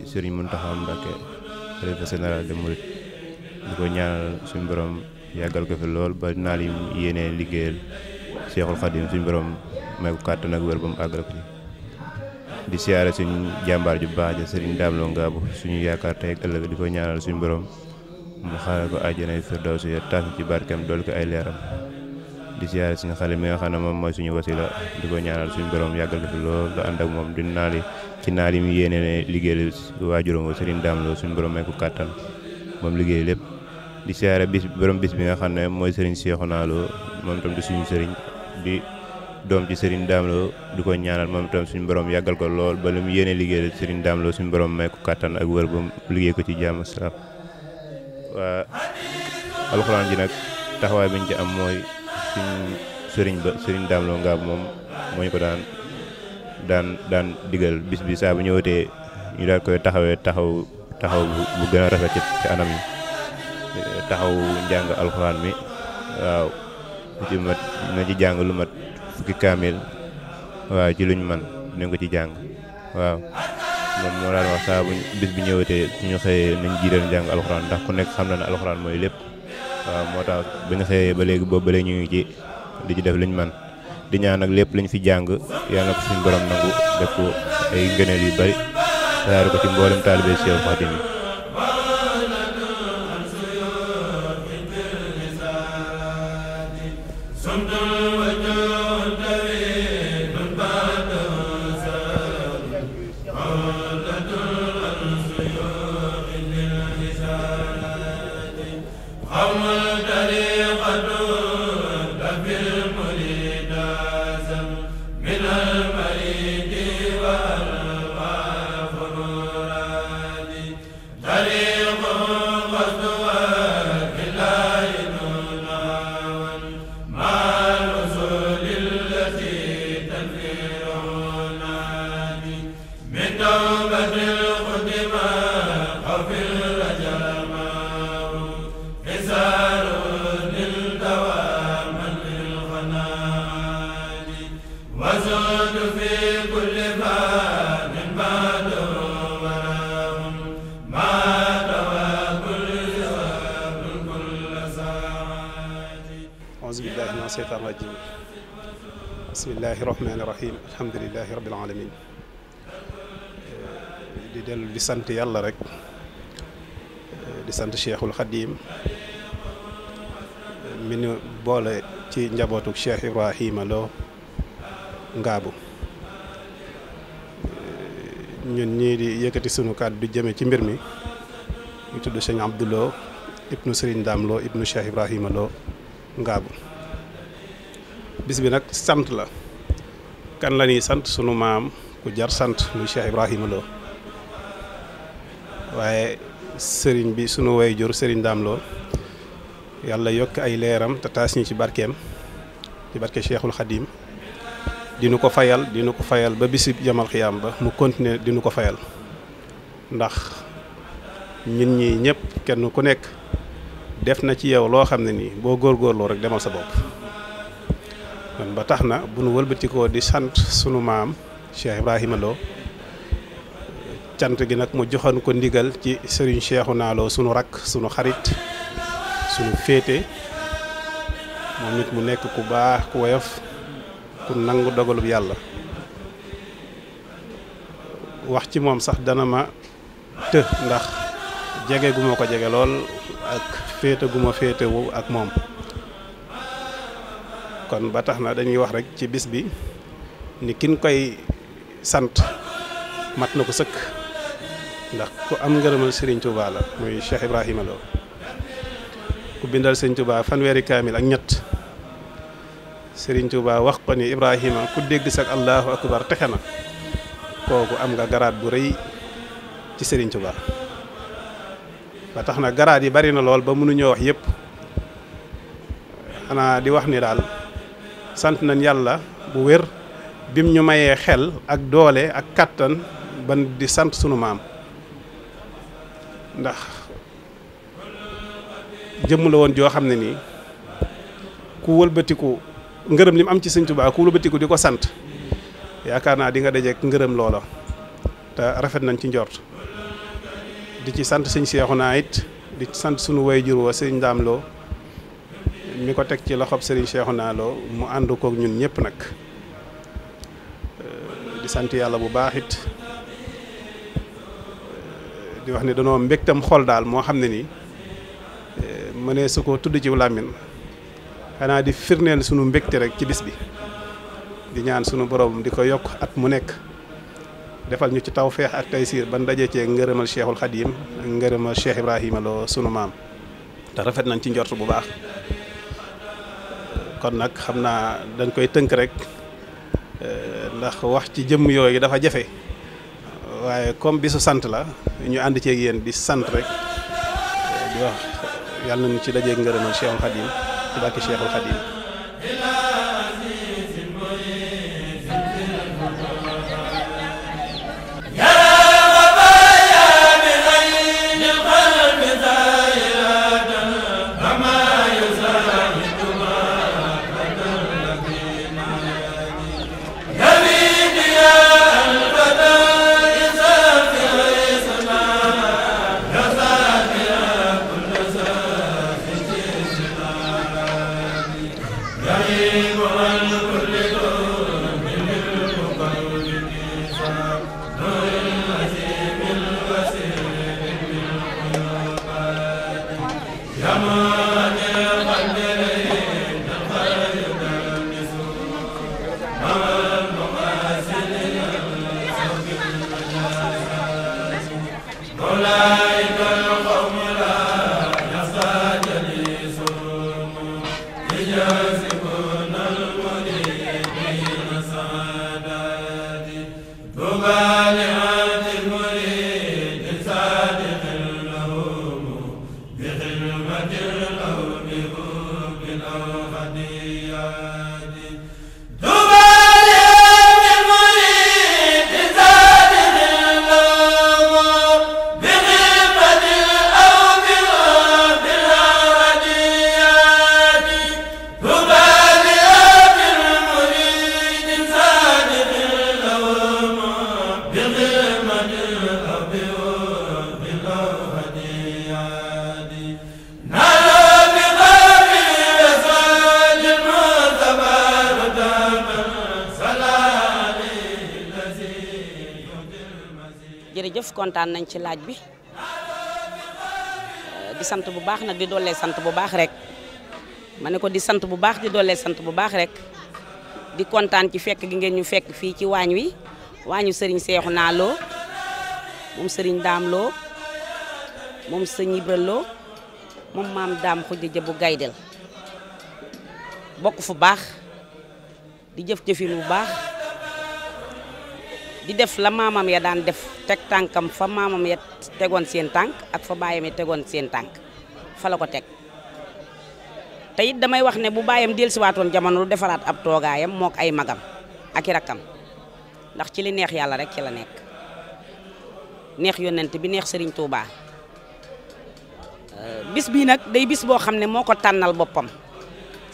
sëriñ mun Mountakha Mbacké xalifa général des mourides di ko ñaanal suñu borom yàggal ko fi lool ba naal yi yéenee liggéeyal Cheikhul Khadim suñu borom may ko kàttan ak wér ba mu àggal ko di siyaare suñ jàmbaar ju baax ja Serigne Dame Lo Ngabou suñu yaakaar tey ak ëllëg di ko ñaanal suñu borom mu xaaral ko àjjana firdawsi ya taas ci barkeem dool ko ay leeram di siyaare suñu xale mi nga xam ne moom mooy suñu wasila di ko ñaanal suñu borom yàggal ko fi lool te ànd ak moom di siyaare bis bi nga xam ne mooy Serigne Cheikhouna Lo moom tam di suñu Serigne di doom ci Serigne Dame Lo du ko ñaanal moom tam suñu borom yàggal ko lool ba li mu yéene liggéeyal Serigne Dame Lo suñu borom may ko kàttan ak wër ba liggéey ko ci jàmm salaam waa alxuraan ji nag taxawaay biñ ci am mooy suñ sëriñ ba sëriñ Dame Lo Ngab moom moo ñu ko daan daan daan digal bis bi saa bu ñëwatee ñu daal koy taxawee taxaw taxaw bu gën a rafet ci anam yi taxaw njàng alxuraan mi waaw ci mat na ci jàng lu mat fukki kaamil waaw ci luñ man nañ ko ci jàng waaw moom moo daan wax saa bu bis bi ñëwatee suñu xëyee nañ jiital njàng alxuraan ndax ku nekk xam na ne alxuraan mooy lépp waaw moo tax bu ñu xëyee ba léegi boobu ba léegi ñu ngi ci di ci def liñ man di ñaan nag lépp liñ fi jàng yàlla na ko suñu borom nangu def ko ay ngëneel yu bari tasaare ko ci mboolem taalibe Cheikh Khadim yi wa bismillahi rahmaani rahim alhamdulilahi rabbil alamin di dellu di sant yàlla rek di sant cheikhul xadim mi nu boole ci njabootuk cheikh ibrahima loo ngaabu ñun ñii di yëkkati sunu kàddu jëme ci mbir mi ñu tudd sëñ abduloo sëriñ daam loo ibnu cheikh loo ngaabu bis nag sant la kan la ñuy sant sunu maam ku jar sant muy Cheikh Ibrahima waaye sëriñ bi sunu jur sëriñ Daam Lo yàlla yokk ay leeram te taas ñu ci barkeem ci barke Cheikhul Khadim dinu ko fayal dinu ko fayal ba bisib jamal xiyaam ba mu continuer dinu ko fayal ndax ñun ñi ñëpp kenn ku nekk def na ci yow loo xam ne nii boo góorgóorloo rek demal sa bopp ba tax na bu nu wëlbatikoo di sant sunu maam Cheikh Ibrahima cant gi nag mu joxoon ko ndigal ci Serigne Cheikhouna Lo sunu rakk sunu xarit sunu féete moom nit mu nekk ku baax ku woyof ku nangu dogalub yàlla wax ci moom sax dana ma të ndax jege gu ko jege lool ak féete gu féetewu ak moom kon ba tax na dañuy wax rek ci bis bi ni kin koy sant mat na ko sëkk ndax ku am ngërëmal Serigne Touba la muy Cheikh Ibrahima Lo ku bindal Serigne Touba fanweeri kaamil ak ñett Serigne Touba wax ko ni Ibrahima ku dégg sax Allahu akbar texe na kooku am nga garaat bu rëy ci Serigne Touba ba tax na garaat yi bari na lool ba mënuñoo wax yépp xanaa di wax ni daal. sant nañ yàlla bu wér bim ñu mayee xel ak doole ak kàttan ban di sant sunu maam ndax jëmm la woon joo xam ne nii ku wëlbatiku ngërëm li mu am ci sëñ Tuubaa ku wëlbatiku di ko sant yaakaar naa di nga dajeek ngërëm loola te rafet nañ ci njort di ci sant sëñ naa it di sant sunu way jur wa sëñ Daamloo ñu ko teg ci loxob Serigne Cheikhouna Lo mu ànd kook ñun ñëpp nag euh, di sant yàlla bu baax it euh, di wax ne danoo mbégtam xool daal moo xam ne nii euh, mënee su ko tudd ci làmmin xanaa di firneel sunu mbégte rek ci bis bi di ñaan sunu borom di ko yokk at mu nekk defal ñu ci tawféex ak taysiir ban dajee cee ngërëmal Cheikhul Xadim ak ngërëmal Cheikh Ibrahima sunu maam te rafet nañ ci njort bu baax. kon nag xam naa dañ koy tënk rek euh, ndax wax ci jëmm yooyu dafa jafe waaye comme bisu sant la ñu ànd ceeg yéen bi sant rek di wax yàlla nañu ci dajeeg ngërëmal Cheikhul Khadim ci bàkki Cheikhul Khadim jëf kontaan nañ ci laaj bi euh, di sant bu baax nag di doolee sant bu baax rekk ma ne ko di sant bu baax di doolee sant bu baax rek di kontaan ci fekk gi ngeen ñu fekk fii ci waañ wi waañu sëriñ seexu naa loo moom sëriñ daam loo moom sëñ Ibra loo moom maam daam xuj jëbu gaydel bokk fu baax di jëf jëfin wu baax di def la maamam ya daan def teg tànkam fa maamam ya tegoon seen tànk ak fa baayam ya tegoon seen tànk fa la ko teg te it damay wax ne bu baayam dellusiwaatoon jamono lu defaraat ab toogaayam mook ay magam ak i rakkam ndax ci li neex yàlla rek ci la nekk neex yonent bi neex Serigne Touba euh, bis bii nag day bis boo xam ne moo ko tànnal boppam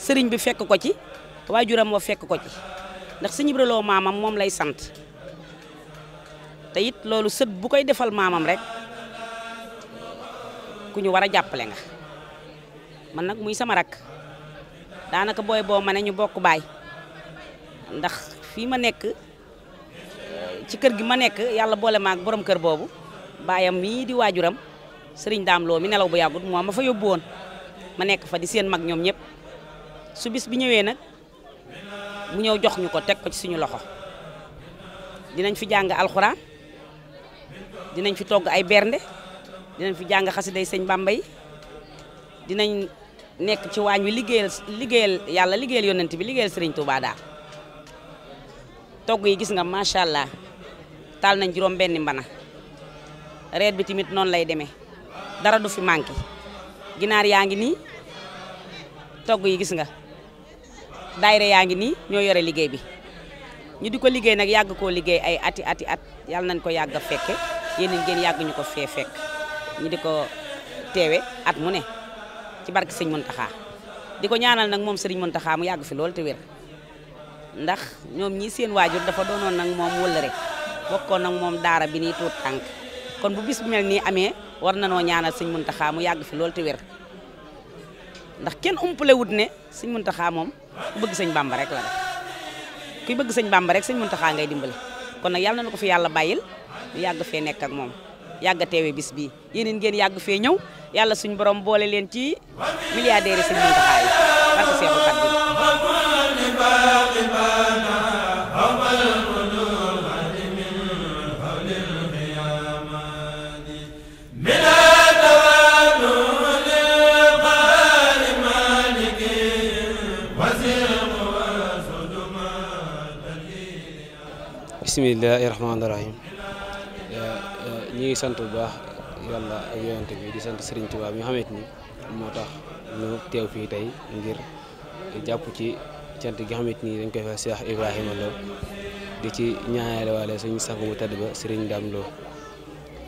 sëriñ bi fekk ko ci waajuram wa fekk ko ci ndax Sëñ Ibra maamam moom lay sant te it loolu sët bu koy defal maamam rek ku ñu war a jàppale nga man nag muy sama rak daanaka booy boo ma ne ñu bokk baay ndax fii ma nekk ci kër gi ma nekk yàlla boole maag borom kër boobu baayam mii di waajuram sëriñ daam loo mi nelaw bu yàggut moo ma fa yóbbu woon ma nekk fa di seen mag ñoom ñëpp subis bi ñëwee nag mu ñëw jox ñu ko teg ko ci suñu loxo dinañ fi jàng alxuraan dinañ fi togg ay bernde dinañ fi jàng day sëñ Bàmba yi dinañ nekk ci waañ wi liggéeyal liggéeyal yàlla liggéeyal yonent bi liggéeyal sëriñ Touba daal togg yi gis nga macha allah taal nañ juróom benn mbana reer bi tamit noonu lay demee dara du fi manqué ginaar yaa ngi nii togg yi gis nga daayira yaa ngi nii ñoo yore liggéey bi ñu di ko liggéey nag yàgg koo liggéey ay ati ati at yàlla nañ ko yàgg a fekke yéen ngeen yàgg ñu ko fee fekk ñu di ko teewe at mu ne ci barke sëñ taxa di ko ñaanal nag moom sëriñ Muntaxa mu yàgg fi lool te ndax ñoom ñii seen waajur dafa doonoon nag moom wëllëre bokkoon nag moom daara bi nii tuut tànk kon bu bis bu mel nii amee war na noo ñaanal sëñ Muntaxa mu yàgg fi loolu te wér ndax kenn umpale wut ne sëñ Muntaxa moom ku bëgg sëñ Bàmba rek la def kuy bëgg sëñ Bàmba rek sëñ Muntaxa ngay dimbale kon nag yàlla na ko fi yàlla bàyyil yàgg fee nekk ak moom yàgg teewe bis bii yéen ngeen yàgg fee ñëw yàlla suñu borom boole leen ci milliardaires yi sëñ Muntaxa yi barke Seexu Xaadim bismillaahi rahmaani rahiim ñi ngi sant bu baax yàlla ak yonent bi di sant sëriñ Touba bi nga xamante ni moo tax ñu teew fii tey ngir jàpp ci sant gi xamante ni dañ koy fa Cheikh Ibrahima Lo di ci ñaanale waale suñu sang bu tedd ba Serigne Dame Lo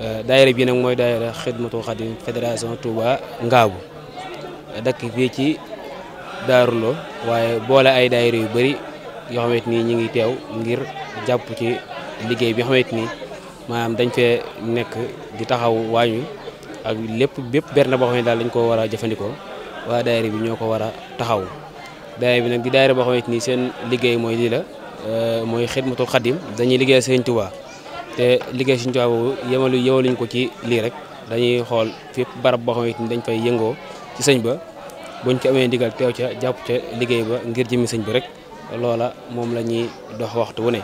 euh, daayira bi nag mooy daayira Xidmatu Xadim fédération Touba Ngaabu dakk fii ci Daaru Lo waaye boole ay daayira yu bëri yoo xamante ni ñu ngi teew ngir jàpp ci liggéey bi xamante ni maanaam dañ fee nekk di taxaw waañ waañu ak lépp bépp berne boo xam ne daal dañ koo war a jëfandikoo waa daayira bi ñoo ko war a taxaw daayira bi nag di daayira boo xamante ni seen liggéey mooy lii la euh, mooy xidmatul xadim dañuy liggéey Sëriñ Tuubaa te liggéey Sëriñ Tuubaa boobu yemalu yemaluñ ko ci lii rek dañuy xool fépp barab boo xamante ni dañ fay yëngoo ci sëñ ba buñ ci amee ndigal teew ca jàpp ca liggéey ba ngir jëmi sëñ bi rek loola moom la ñuy dox waxtu wu ne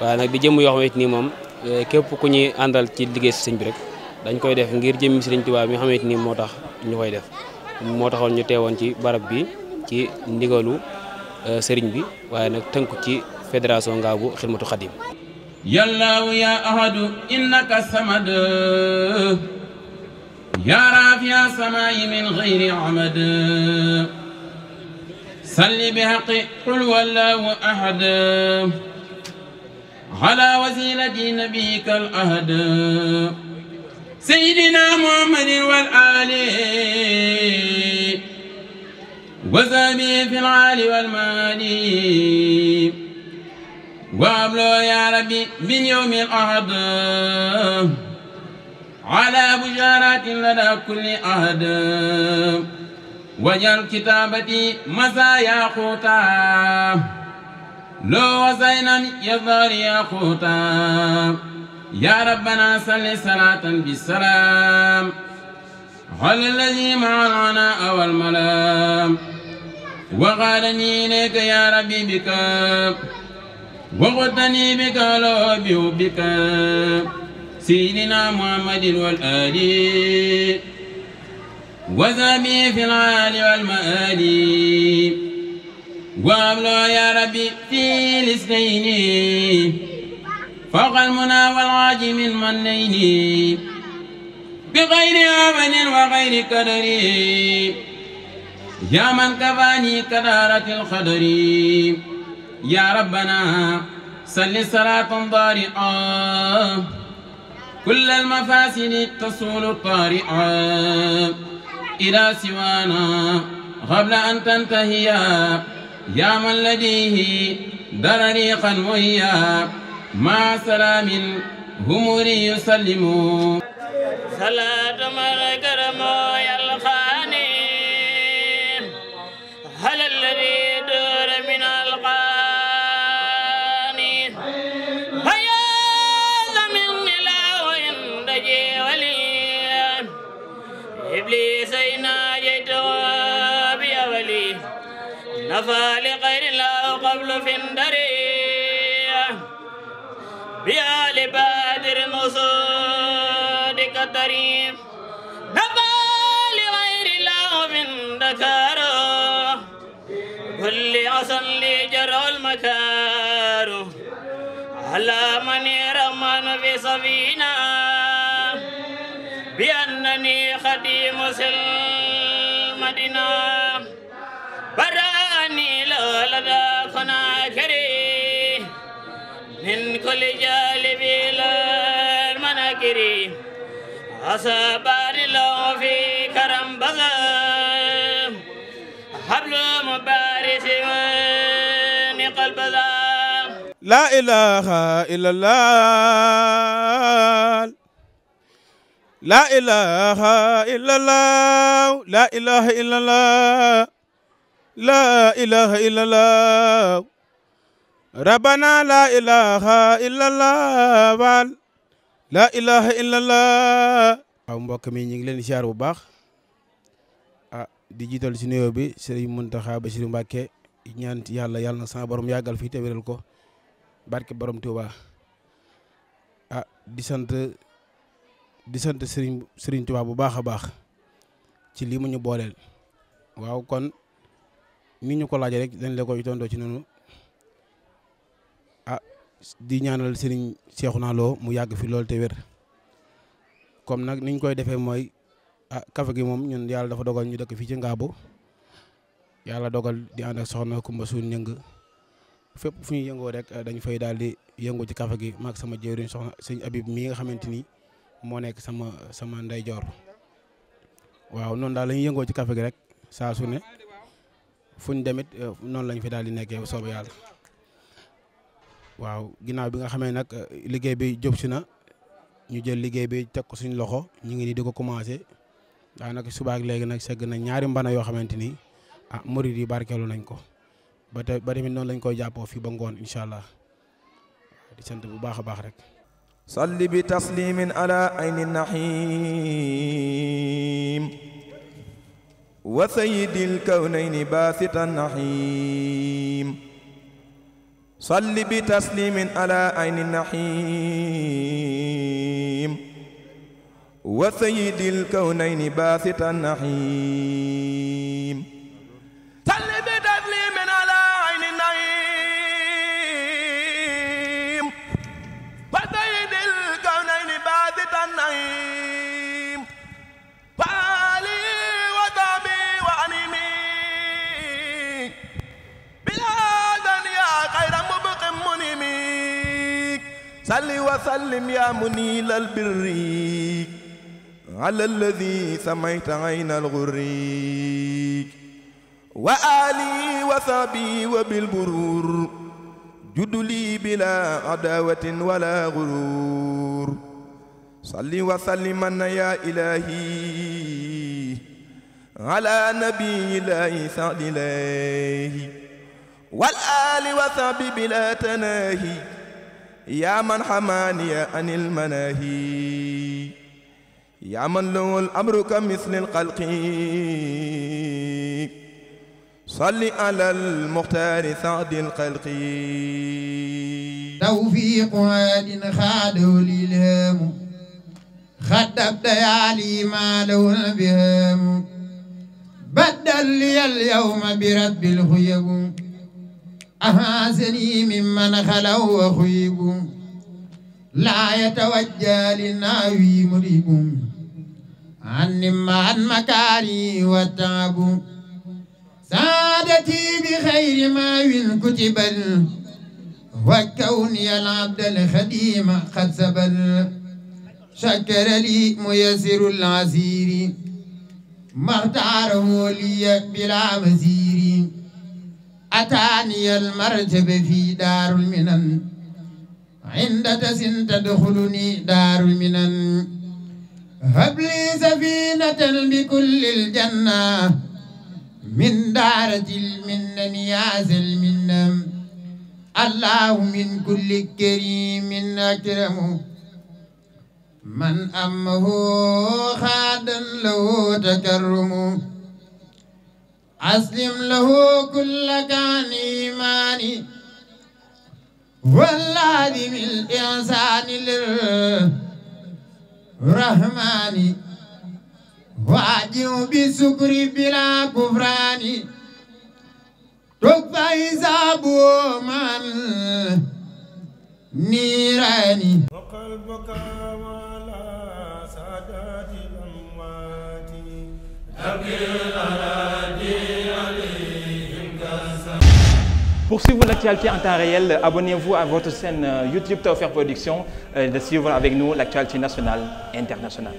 waaye nag di jëm yoo xamante ni moom Eh, képp ku ñuy àndal ci liggéey si bi rek dañ koy def ngir jëmmi sëriñ Tuubaa mi nga xamante ni moo tax ñu koy def moo taxoon ñu teewoon ci barab bi ci ndigalu eh, sëriñ bi waaye nag tënku ci fédération Ngaabu Xidmatu Xadim yallaahu ya ahadu innaka samad ya rafia samaayi min gayri amad salli bi haqi qul wallaahu ahad على وسيلة نبيك الأهد سيدنا محمد والآل وسامي في العال والمال وابلو يا ربي من يوم الأحد على بشارات لدى كل أحد وجعل كتابتي مسايا خوتا لو وزينا يظهر ياقوتا يا ربنا صل صلاة بالسلام هل الذي مع العناء والملام وغادني إليك يا ربي بك وغدني بك لو بحبك سيدنا محمد والآل وزابي في العال والمآل قام له يا ربي في الاثنين فوق المنى والعاج من منين بغير عمل وغير قدر يا من كفاني كدارة الخدر يا ربنا صل صلاة ضارئة كل المفاسد تصول الطارئة إلى سوانا قبل أن تنتهي يا من لديه درريقا وإياه مع سلام همري يسلم صلاة مرة كرمو يا وفى لغير الله قبل في الدرية بيا لبادر مصود كالدريم نفى لغير الله من دكاره كل أصلي جرى المكاره على من يرمان في سفينة بأنني خديم سلمدنا لدى خناكري من كل جالب المناكري أصبر له في كرم بغام حبل مبارس ونقل بغام لا إله إلا الله لا إله إلا الله لا إله إلا الله لا إله إلا الله ربنا لا إله إلا الله لا إله إلا الله waaw mbokk mi ñu ngi leen di ziar bu baax ah di jiital ci nuyoo bi Serigne Mountakha Bassirou Mbacké ñaan yàlla yàlla na sama borom yàggal fii te wéral ko barke borom Touba ah di sant di sant Serigne Serigne bu baax a baax ci lii mu ñu booleel waaw kon. ni ñu ko laajee rek dañ la koy tondoo ci noonu ah di ñaanal Serigne Cheikhouna Lo mu yàgg fi loolu te wér comme nag niñ koy defee mooy ah kafe gi moom ñun yàlla dafa dogal ñu dëkk fii ci yàlla dogal di ànd ak soxna Kumba suun ñëng fépp fu ñuy yëngoo rek dañ fay daal di yëngu ci kafe gi maag sama jëwriñ soxna sëñ Abib mii nga xamante ni moo nekk sama sama ndeyjoor waaw noonu daal yëngoo ci kafe gi rek saa su ne. fu ñu demit euh, noonu lañ fi daal di nekkee soobu yàlla waaw ginnaaw bi nga xamee nag euh, liggéey bi jub si na ñu jël liggéey bi teg ko suñ loxo ñu ngi nii di ko commencé daanaka suba ak léegi nag segg na ñaari mbana yoo xamante ni ah murid yi barkeelu nañ ko ba tey ba tamit noonu lañ koy jàppoo fii ba ngoon incha allah di sant bu baax a baax rek. salli bi taslimin ala ayni nahim wa sayyidil kawnayni baasitan naxiim salli bi tasliimin ala ayni naxiim wa sayyidil kawnayni baasitan naxiim salli wa sallim yaa muniil albirri ala alladi samayta ayna algurri wa ali wa sahbi wa bilburur juduli bila adawatin wala gurur salli wa salliman yaa ilahi ala nabiyillahi salilahi wal ali wa sahbi bila tanahi yaa man xamaaniya anil manaahi yaa man lawul amru ka mislil xalqi salli alal muxtaari saadil xalqi tawfiiqu aadin xaadoo lilhaamu xaddab dayaali maa lawna bihaamu baddal liyal yawma bi rabbil xuyabu أفاسني ممن خلوا وخيب لا يتوجى للناوي مريب عني مع المكاري والتعب سعادتي بخير ما كتب وكوني العبد الخديم قد سبل شكر لي ميسر العسير ما اختاره لي بلا مزير أتاني المرجب في دار المنن عند تسن تدخلني دار المنن هب لي سفينة بكل الجنة من دارة المنن يا ذا المنن الله من كل كريم أكرم من أمه خادا له تكرم أسلم له كل كان إيماني والعظيم الإنسان للرحمن واعجب بسكر بلا كفران تكفى حسابه من نيراني وقلبك على سادات الأموات تبير Pour suivre l'actualité en temps réel, abonnez-vous à votre chaîne euh, YouTube Tawfekh Production euh, de suivre avec nous l'actualité nationale et internationale.